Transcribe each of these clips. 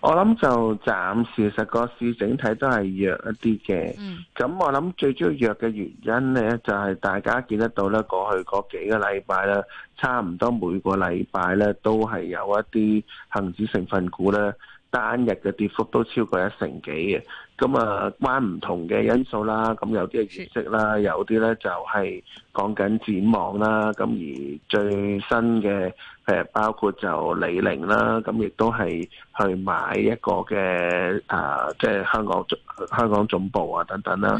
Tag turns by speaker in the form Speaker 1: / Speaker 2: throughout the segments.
Speaker 1: 我諗就暫時實個市整體都係弱一啲嘅，咁、嗯、我諗最主要弱嘅原因呢，就係大家見得到呢，過去嗰幾個禮拜啦，差唔多每個禮拜呢，都係有一啲恒指成分股呢，單日嘅跌幅都超過一成幾嘅，咁啊關唔同嘅因素啦，咁有啲係業績啦，有啲咧就係講緊展望啦，咁而最新嘅誒包括就李寧啦，咁亦都係去買一個嘅啊，即係香港總香港總部啊等等啦。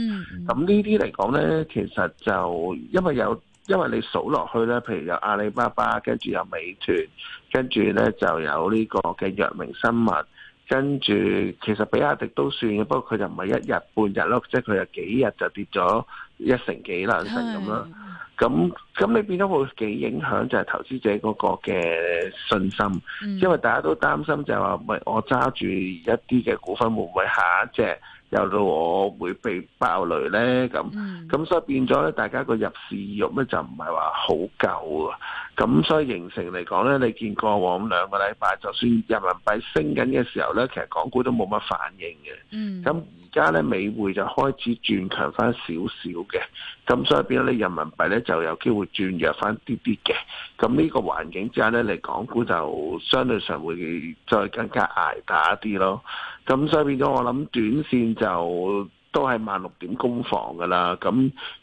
Speaker 1: 咁呢啲嚟講咧，其實就因為有因為你數落去咧，譬如有阿里巴巴，跟住有美團，跟住咧就有呢個嘅藥明生物。跟住，其實比亞迪都算嘅，不過佢就唔係一日半日咯，即係佢就幾日就跌咗一成幾兩成咁囉。咁咁你變咗會幾影響，就係投資者嗰個嘅信心，因為大家都擔心就係話，唔係、嗯、我揸住一啲嘅股份會唔會下一隻？由到我會被爆雷咧，咁咁、嗯、所以變咗咧，大家個入市意欲咧就唔係話好夠啊。咁所以形成嚟講咧，你見過往兩個禮拜，就算人民幣升緊嘅時候咧，其實港股都冇乜反應嘅。咁而家咧美匯就開始轉強翻少少嘅，咁所以變咗你人民幣咧就有機會轉弱翻啲啲嘅。咁呢個環境之下咧，你港股就相對上會再更加挨打啲咯。咁所以變咗，我諗短線就都係萬六點攻防噶啦。咁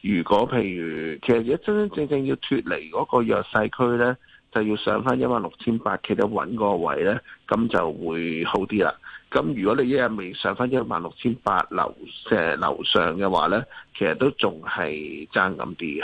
Speaker 1: 如果譬如其實真真正正要脱離嗰個弱勢區咧，就要上翻一萬六千八，企得穩嗰個位咧，咁就會好啲啦。咁如果你一日未上翻一萬六千八樓，誒樓上嘅話咧，其實都仲係爭咁啲嘅。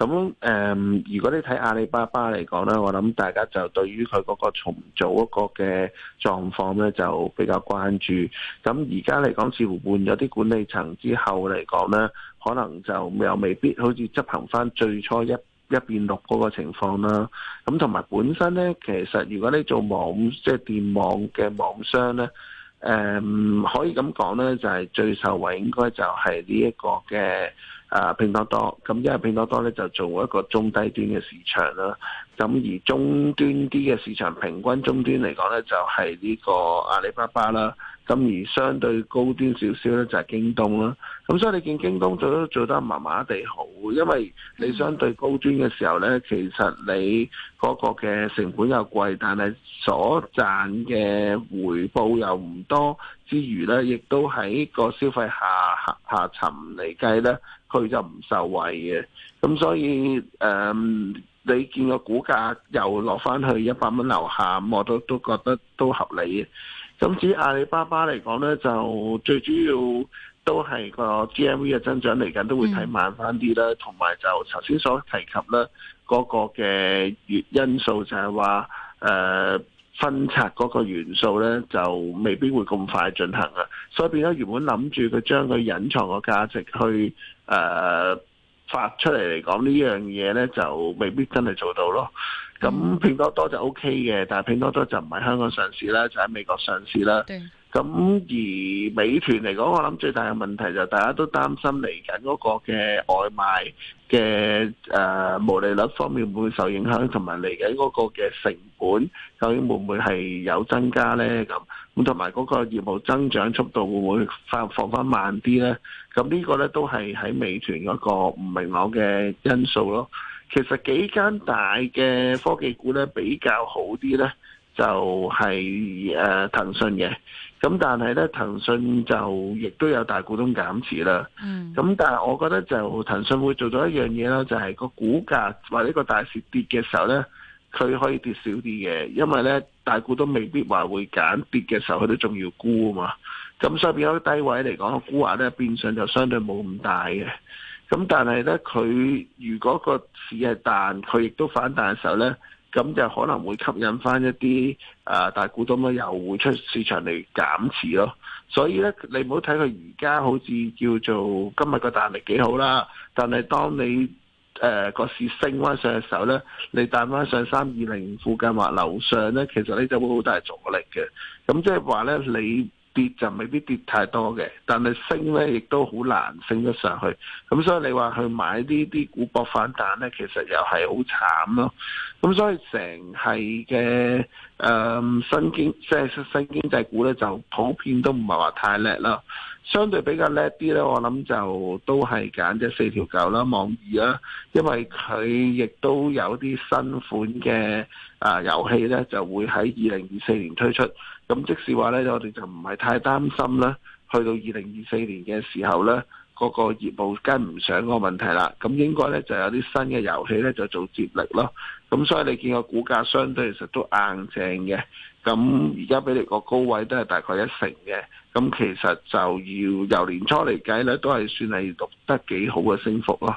Speaker 1: 咁誒、嗯，如果你睇阿里巴巴嚟講咧，我諗大家就對於佢嗰個重組嗰個嘅狀況咧，就比較關注。咁而家嚟講，似乎換咗啲管理層之後嚟講咧，可能就又未必好似執行翻最初一一變六嗰個情況啦。咁同埋本身咧，其實如果你做網即係、就是、電網嘅網商咧，誒、嗯、可以咁講咧，就係、是、最受惠應該就係呢一個嘅。啊，拼多多咁，因為拼多多咧就做一個中低端嘅市場啦。咁而中端啲嘅市場，平均中端嚟講咧就係呢個阿里巴巴啦。咁而相對高端少少咧就係京東啦。咁所以你見京東做都做得麻麻地好，因為你相對高端嘅時候咧，其實你嗰個嘅成本又貴，但係所賺嘅回報又唔多。之餘咧，亦都喺個消費下下下沉嚟計咧，佢就唔受惠嘅。咁所以誒、嗯，你見個股價又落翻去一百蚊樓下，我都都覺得都合理嘅。咁至於阿里巴巴嚟講咧，就最主要都係個 GMV 嘅增長嚟緊都會睇慢翻啲啦，同埋、嗯、就頭先所提及咧嗰個嘅因素就係話誒，呃分拆嗰個元素咧，就未必會咁快進行啊，所以變咗原本諗住佢將佢隱藏個價值去誒、呃、發出嚟嚟講呢樣嘢咧，就未必真係做到咯。咁拼多多就 OK 嘅，但係拼多多就唔係香港上市啦，就喺美國上市啦。咁而美團嚟講，我諗最大嘅問題就大家都擔心嚟緊嗰個嘅外賣嘅誒毛利率方面會唔會受影響，同埋嚟緊嗰個嘅成本究竟會唔會係有增加咧？咁咁同埋嗰個業務增長速度會唔會放放翻慢啲咧？咁呢個咧都係喺美團嗰個唔明朗嘅因素咯。其實幾間大嘅科技股咧比較好啲咧，就係誒騰訊嘅。咁但係咧，騰訊就亦都有大股東減持啦。咁、嗯、但係我覺得就騰訊會做咗一樣嘢啦，就係個股價或者個大市跌嘅時候咧，佢可以跌少啲嘅，因為咧大股東未必話會減，跌嘅時候佢都仲要沽啊嘛。咁所以變咗低位嚟講，沽壓咧變相就相對冇咁大嘅。咁但係咧，佢如果個市係彈，佢亦都反彈嘅時候咧。咁就可能會吸引翻一啲誒、呃、大股東咧，又會出市場嚟減持咯。所以咧，你唔好睇佢而家好似叫做今日個彈力幾好啦，但係當你誒個、呃、市升翻上嘅時候咧，你彈翻上三二零附近或樓上咧，其實你就會好大阻力嘅。咁即係話咧，你。跌就未必跌太多嘅，但係升咧亦都好難升得上去。咁所以你話去買呢啲股博反彈咧，其實又係好慘咯。咁所以成係嘅誒、嗯、新經即係新經濟股咧，就普遍都唔係話太叻啦。相對比較叻啲咧，我諗就都係揀咗四條狗啦、網易啦、啊，因為佢亦都有啲新款嘅啊遊戲咧，就會喺二零二四年推出。咁即使話咧，我哋就唔係太擔心啦。去到二零二四年嘅時候咧，嗰個業務跟唔上個問題啦。咁應該咧就有啲新嘅遊戲咧就做接力咯。咁所以你見個股價相對其實都硬淨嘅。咁而家畀你個高位都係大概一成嘅。咁其實就要由年初嚟計咧，都係算係讀得幾好嘅升幅咯。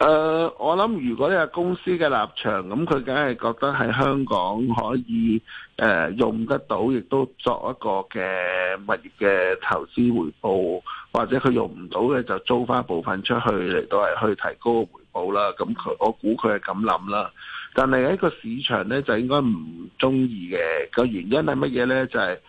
Speaker 1: 誒、呃，我諗如果係公司嘅立場，咁佢梗係覺得喺香港可以誒、呃、用得到，亦都作一個嘅物業嘅投資回報，或者佢用唔到嘅就租翻部分出去嚟到係去提高個回報啦。咁佢我估佢係咁諗啦，但係喺個市場咧就應該唔中意嘅個原因係乜嘢咧？就係、是。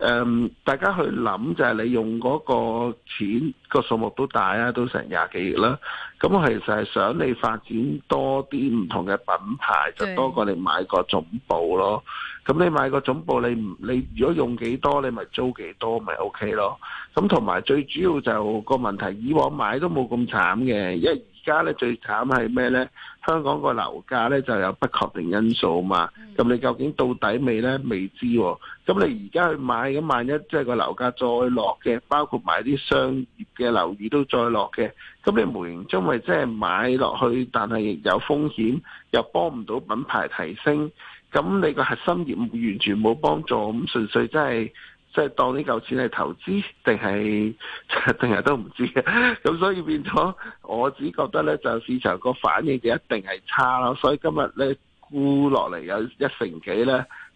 Speaker 1: Um, 大家去諗就係你用嗰個錢，個數目都大啊，都成廿幾億啦。咁我其實係想你發展多啲唔同嘅品牌，就多過你買個總部咯。咁對你買個總部，你唔你如果用幾多，你咪租幾多，咪 O K 咯。咁同埋最主要就個問題，以往買都冇咁慘嘅，因為而家咧最慘係咩咧？香港個樓價咧就有不確定因素嘛。咁的你究竟到底未咧？未知。咁你而家去買，咁萬一即係個樓價再落嘅，包括買啲商業嘅樓宇都再落嘅，咁你無形中咪即係買落去，但係亦有風險，又幫唔到品牌提升，咁你個核心業務完全冇幫助，咁純粹即係。即係當呢嚿錢係投資，定係定係都唔知嘅，咁 所以變咗我只覺得咧，就是、市場個反應就一定係差咯，所以今日咧估落嚟有一成幾咧。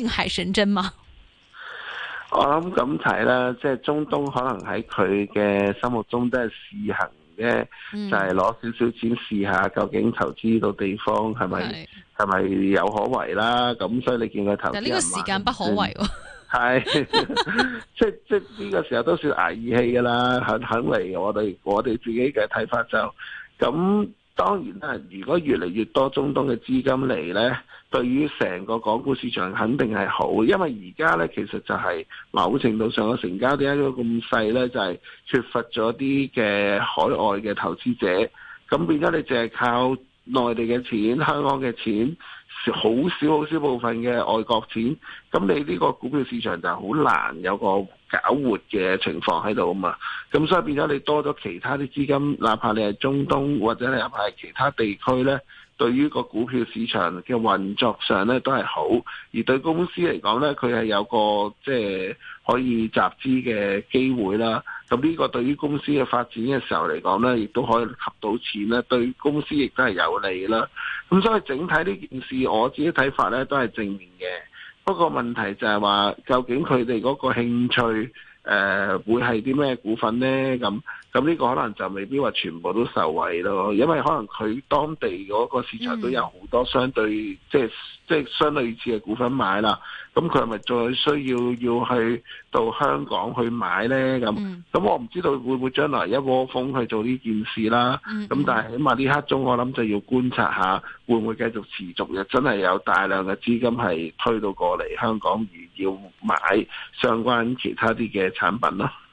Speaker 2: 定海神針嗎？
Speaker 1: 我諗咁睇啦，即係中東可能喺佢嘅心目中都係試行嘅，嗯、就係攞少少錢試下究竟投資呢個地方係咪係咪有可為啦？咁所以你見佢投資，但係呢個時間不可為，係是 即即呢個時候都算捱義氣噶啦，肯肯嚟我哋我哋自己嘅睇法就咁。當然啦，如果越嚟越多中東嘅資金嚟呢，對於成個港股市場肯定係好。因為而家呢，其實就係某程度上嘅成交點解咁細呢就係缺乏咗啲嘅海外嘅投資者。咁變咗，你淨係靠內地嘅錢、香港嘅錢，好少好少部分嘅外國錢。咁你呢個股票市場就好難有個搞活嘅情況喺度啊嘛，咁所以變咗你多咗其他啲資金，哪怕你係中東或者你係其他地區呢，對於個股票市場嘅運作上呢，都係好，而對公司嚟講呢，佢係有個即係、就是、可以集資嘅機會啦。咁呢個對於公司嘅發展嘅時候嚟講呢，亦都可以吸到錢呢，對公司亦都係有利啦。咁所以整體呢件事，我自己睇法呢，都係正面嘅。不過問題就係話，究竟佢哋嗰個興趣，誒、呃、會係啲咩股份咧？咁。咁呢個可能就未必話全部都受惠咯，因為可能佢當地嗰個市場都有好多相對，嗯、即係即係相類似嘅股份買啦。咁佢係咪再需要要去到香港去買呢？咁咁、嗯、我唔知道會唔會將來一窩蜂去做呢件事啦。咁、嗯、但係起碼呢刻中我諗就要觀察下會唔會繼續持續嘅，真係有大量嘅資金係推到過嚟香港而要買相關其他啲嘅產品咯。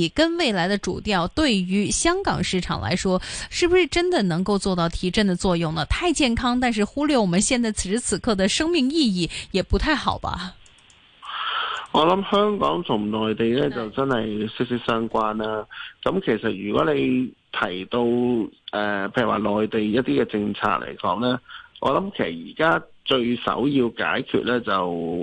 Speaker 2: 你跟未來的主調對於香港市場來說，是不是真的能夠做到提振的作用呢？太健康，但是忽略我們現在此時此刻的生命意義，也不太好吧。
Speaker 1: 我諗香港同內地呢，是呢就真係息息相關啦，啊。咁其實如果你提到誒、呃，譬如話內地一啲嘅政策嚟講呢，我諗其實而家。最首要解決咧，就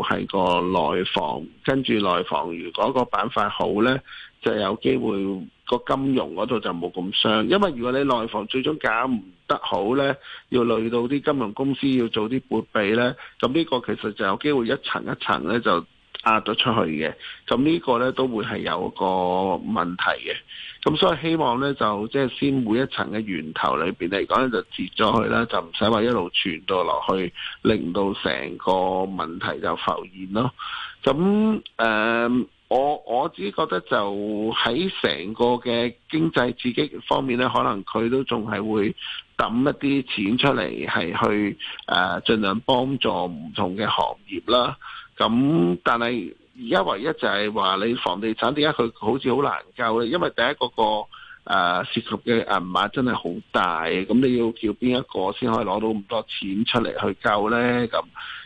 Speaker 1: 係、是、個內房，跟住內房，如果個板塊好咧，就有機會個金融嗰度就冇咁傷。因為如果你內房最終搞唔得好咧，要累到啲金融公司要做啲撥備咧，咁呢個其實就有機會一層一層咧就，壓咗出去嘅，咁呢個咧都會係有個問題嘅，咁所以希望咧就即係先每一層嘅源頭裏邊嚟講咧，咁樣就截咗去啦，就唔使話一路傳到落去，令到成個問題就浮現咯。咁誒、嗯，我我自己覺得就喺成個嘅經濟刺激方面咧，可能佢都仲係會抌一啲錢出嚟，係去誒盡量幫助唔同嘅行業啦。咁，但係而家唯一就係話你房地產點解佢好似好難救咧？因為第一個個誒、呃、涉及嘅銀碼真係好大，咁你要叫邊一個先可以攞到咁多錢出嚟去救咧？咁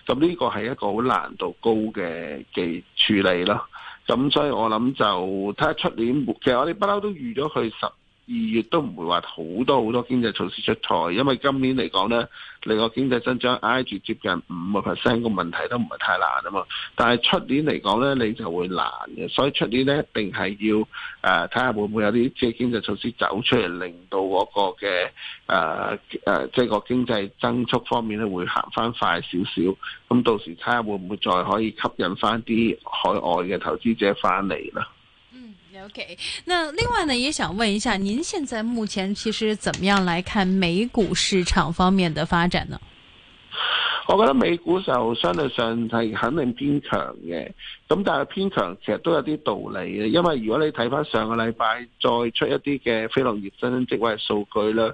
Speaker 1: 咁呢個係一個好難度高嘅嘅處理咯。咁所以我諗就睇下出年，其實我哋不嬲都預咗佢十二月都唔會話好多好多經濟措施出台，因為今年嚟講呢，你個經濟增長挨住接近五個 percent 個問題都唔係太難啊嘛。但係出年嚟講呢，你就會難嘅，所以出年呢，一定係要誒睇下會唔會有啲即係經濟措施走出嚟，令到嗰個嘅誒誒即係個經濟增速方面咧會行翻快少少。咁到時睇下會唔會再可以吸引翻啲海外嘅投資者翻嚟啦。OK，那
Speaker 2: 另外呢，也想問一下，您現在目前其實怎麼樣來看美股市場方面的發展呢？
Speaker 1: 我覺得美股就相對上係肯定偏強嘅，咁但係偏強其實都有啲道理嘅，因為如果你睇返上個禮拜再出一啲嘅非農業新增職位數據呢，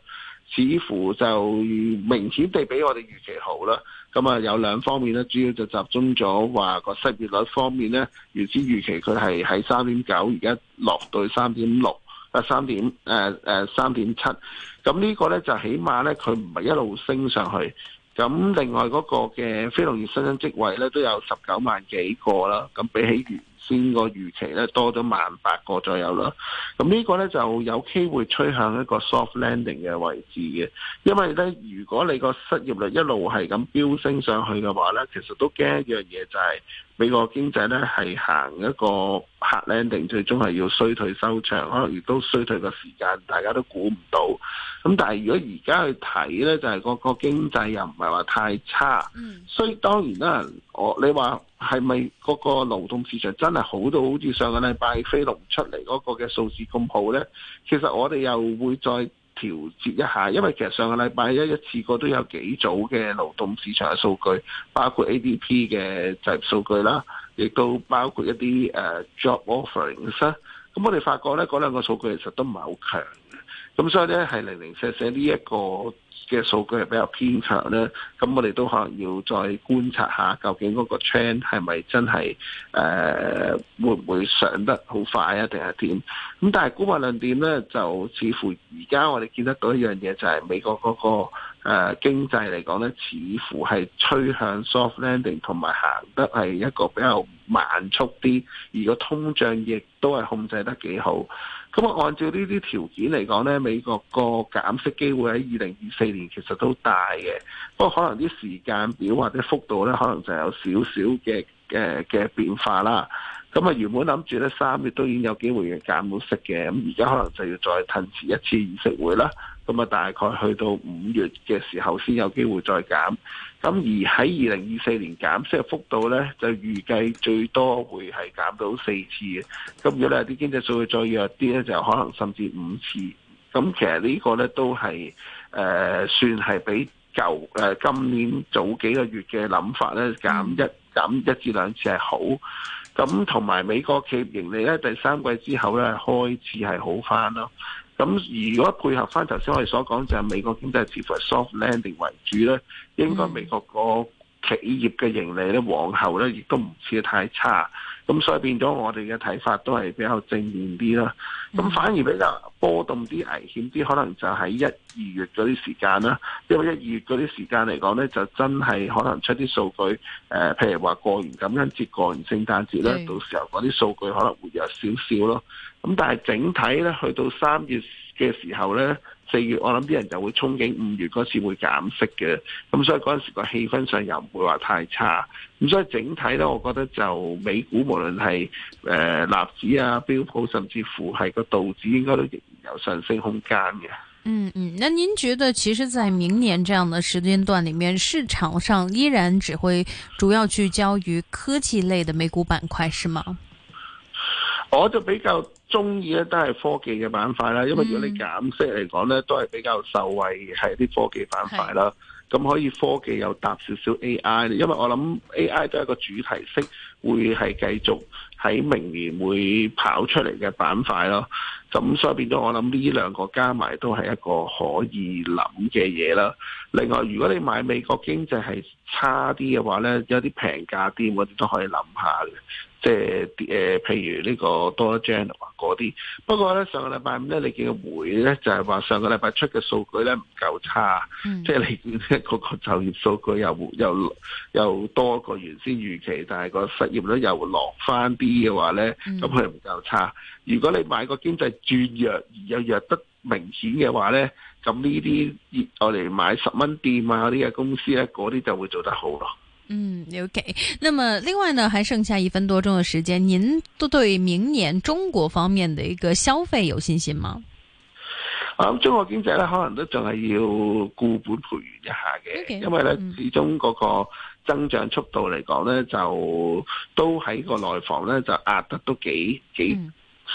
Speaker 1: 似乎就明顯地比我哋預期好啦。咁啊、嗯，有兩方面咧，主要就集中咗話個失業率方面咧，原先預期佢係喺三點九，而家落到三點六啊，三點誒誒三點七，咁、嗯這個、呢個咧就起碼咧佢唔係一路升上去。咁、嗯、另外嗰個嘅非農業新增職位咧都有十九萬幾個啦，咁、嗯、比起預。先個預期咧多咗萬八個左右啦，咁呢個咧就有機會趨向一個 soft landing 嘅位置嘅，因為咧如果你個失業率一路係咁飆升上去嘅話咧，其實都驚一樣嘢就係美國經濟咧係行一個 hard landing，最終係要衰退收場，可能亦都衰退個時間大家都估唔到。咁但係如果而家去睇咧，就係、是、個個經濟又唔係話太差，嗯、所以當然啦，我你話。係咪嗰個勞動市場真係好到好似上個禮拜飛龍出嚟嗰個嘅數字咁好呢？其實我哋又會再調節一下，因為其實上個禮拜一一次過都有幾組嘅勞動市場嘅數據，包括 ADP 嘅就業數據啦，亦都包括一啲、uh, job offerings 啦。咁我哋發覺呢嗰兩個數據其實都唔係好強。咁所以咧，係零零舍舍呢一個嘅數據係比較偏差咧。咁我哋都可能要再觀察下，究竟嗰個 trend 係咪真係誒、呃、會唔會上得好快啊？定係點？咁但係估賣論點咧，就似乎而家我哋見得到一樣嘢，就係美國嗰、嗰個誒、呃、經濟嚟講咧，似乎係趨向 soft landing，同埋行得係一個比較慢速啲，而個通脹亦都係控制得幾好。咁啊，按照呢啲條件嚟講呢，美國個減息機會喺二零二四年其實都大嘅，不過可能啲時間表或者幅度呢，可能就有少少嘅嘅嘅變化啦。咁啊，原本諗住呢三月都已經有機會減到息嘅，咁而家可能就要再褪遲一次議息會啦。咁啊，大概去到五月嘅時候先有機會再減。咁而喺二零二四年減息嘅幅度呢，就預計最多會係減到四次嘅。咁如果呢啲經濟數據再弱啲呢，就可能甚至五次。咁其實呢個呢，都係誒、呃、算係比舊誒、呃、今年早幾個月嘅諗法呢，減一減一至兩次係好。咁同埋美國企業盈利呢，第三季之後呢，開始係好翻咯。咁如果配合翻頭先我哋所講，就係美國經濟似乎係 soft landing 為主咧，應該美國個企業嘅盈利咧，往後咧亦都唔似得太差。咁所以變咗，我哋嘅睇法都係比較正面啲啦。咁反而比較波動啲、危險啲，可能就喺一、二月嗰啲時間啦。因為一二月嗰啲時間嚟講咧，就真係可能出啲數據，誒、呃，譬如話過完感恩節、過完聖誕節咧，的到時候嗰啲數據可能會有少少咯。咁但係整體咧，去到三月嘅時候咧。四月我諗啲人就會憧憬五月嗰次會減息嘅，咁所以嗰陣時個氣氛上又唔會話太差，咁所以整體咧，我覺得就美股無論係誒納指啊標普，甚至乎係個道指，應該都仍然有上升空間嘅。嗯
Speaker 2: 嗯，那您覺得其實，在明年這樣的時間段裏面，市場上依然只會主要聚焦於科技類的美股板塊，是嗎？
Speaker 1: 我就比較中意咧，都係科技嘅板塊啦，因為如果你減息嚟講咧，嗯、都係比較受惠係啲科技板塊啦。咁是可以科技又搭少少 AI，因為我諗 AI 都係一個主題式，會係繼續喺明年會跑出嚟嘅板塊咯。咁所以變咗，我諗呢兩個加埋都係一個可以諗嘅嘢啦。另外，如果你買美國經濟係差啲嘅話咧，有啲平價啲，我哋都可以諗下嘅。即係啲譬如呢個多張啊，嗰啲。不過咧，上個禮拜五咧，你見個回咧，就係話上個禮拜出嘅數據咧唔夠差。嗯。即係你見咧嗰個就業數據又又又多過原先預期，但係個失業率又落翻啲嘅話咧，咁佢唔夠差。如果你買個經濟轉弱而又弱得明顯嘅話咧，咁呢啲我哋買十蚊店啊，呢個公司啊，嗰啲就會做得好咯。
Speaker 2: 嗯，OK。那麼另外呢，還剩下一分多鐘的時間，您都對明年中國方面的一個消費有信心嗎？
Speaker 1: 我諗中國經濟咧，可能都仲係要固本培元一下嘅，OK, 因為咧、嗯、始終嗰個增長速度嚟講咧，就都喺個內房咧就壓得都幾幾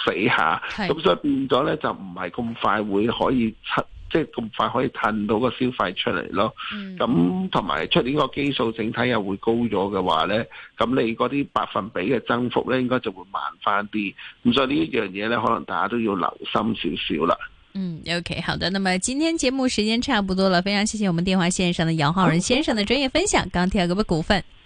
Speaker 1: 死下，咁所以變咗咧就唔係咁快會可以出。即係咁快可以褪到個消費出嚟咯，咁同埋出年個基數整體又會高咗嘅話咧，咁你嗰啲百分比嘅增幅咧，應該就會慢翻啲。咁所以呢一樣嘢咧，可能大家都要留心少少啦。
Speaker 2: 嗯，OK，好的。那麼今天節目時間差不多了，非常謝謝我們電話綫上的姚浩然先生的專業分享，鋼個股份。